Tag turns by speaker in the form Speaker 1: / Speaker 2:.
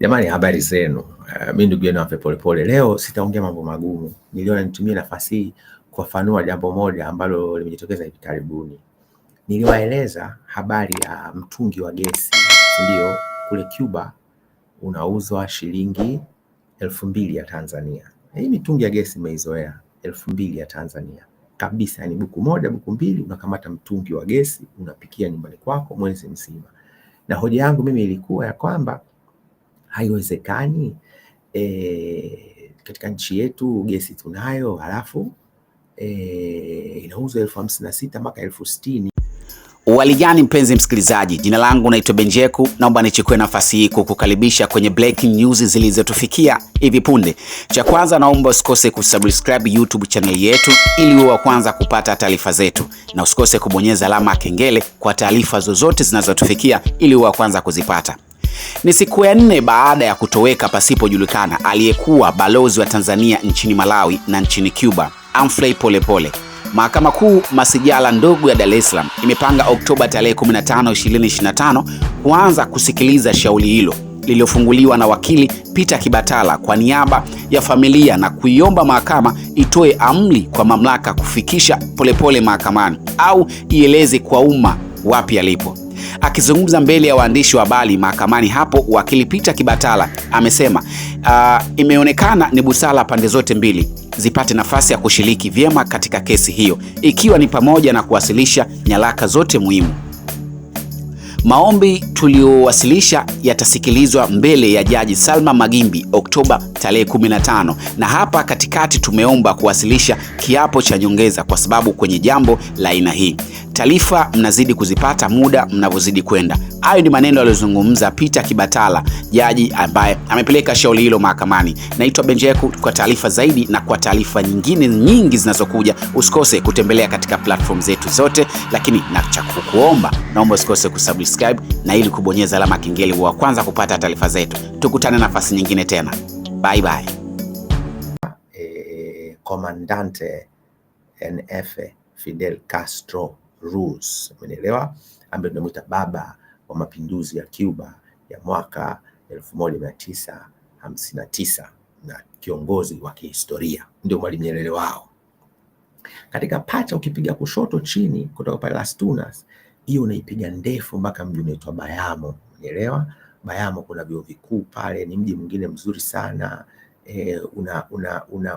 Speaker 1: Jamani, habari zenu. Uh, eh, mimi ndugu yenu wape Polepole. Leo sitaongea mambo magumu, niliona nitumie nafasi hii kufafanua jambo moja ambalo limejitokeza hivi karibuni. Niliwaeleza habari ya mtungi wa gesi, ndio kule Cuba unauzwa shilingi elfu mbili ya Tanzania. Hii mitungi ya gesi imeizoea elfu mbili ya Tanzania kabisa, yani buku moja buku mbili unakamata mtungi wa gesi unapikia nyumbani kwako mwezi mzima, na hoja yangu mimi ilikuwa ya kwamba haiwezekani? E, katika nchi yetu gesi tunayo, halafu e, inauzwa elfu hamsini na sita mpaka elfu sitini.
Speaker 2: Waligani mpenzi msikilizaji, jina langu naitwa Benjeku. Naomba nichukue nafasi hii kukukaribisha kwenye breaking news zilizotufikia hivi punde. Cha kwanza, naomba usikose kusubscribe YouTube channel yetu ili uwe wa kwanza kupata taarifa zetu, na usikose kubonyeza alama ya kengele kwa taarifa zozote zinazotufikia ili uwe wa kwanza kuzipata. Ni siku ya nne baada ya kutoweka pasipojulikana aliyekuwa balozi wa Tanzania nchini Malawi na nchini Cuba, Humphrey Polepole. Mahakama Kuu masijala ndogo ya Dar es Salaam imepanga Oktoba tarehe 15, 2025 kuanza kusikiliza shauri hilo lililofunguliwa na wakili Peter Kibatala kwa niaba ya familia na kuiomba mahakama itoe amri kwa mamlaka kufikisha Polepole mahakamani au ieleze kwa umma wapi alipo. Akizungumza mbele ya waandishi wa habari mahakamani hapo, wakili Peter Kibatala amesema uh, imeonekana ni busara pande zote mbili zipate nafasi ya kushiriki vyema katika kesi hiyo, ikiwa ni pamoja na kuwasilisha nyaraka zote muhimu. Maombi tuliyowasilisha yatasikilizwa mbele ya Jaji Salma Magimbi Oktoba tarehe 15 na hapa katikati tumeomba kuwasilisha kiapo cha nyongeza kwa sababu kwenye jambo la aina hii taarifa mnazidi kuzipata muda mnavyozidi kwenda. Hayo ni maneno aliyozungumza Peter Kibatala, jaji ambaye amepeleka shauri hilo mahakamani. Naitwa Benjeku. Kwa taarifa zaidi na kwa taarifa nyingine nyingi zinazokuja, usikose kutembelea katika platform zetu zote, lakini na cha kukuomba, naomba usikose kusubscribe na ili kubonyeza alama kengele wa kwanza kupata taarifa zetu. Tukutane nafasi nyingine tena bye bye.
Speaker 1: Eh, Comandante NF Fidel Castro Ruz, umeelewa, ambaye tunamwita baba wa mapinduzi ya Cuba ya mwaka 1959 na kiongozi wa kihistoria, ndio Mwalimu Nyerere wao. Katika pacha ukipiga kushoto chini kutoka pale Las Tunas, hiyo unaipiga ndefu mpaka mji unaitwa Bayamo, umeelewa Bayamo kuna vyuo vikuu pale, ni mji mwingine mzuri sana e, una, una, una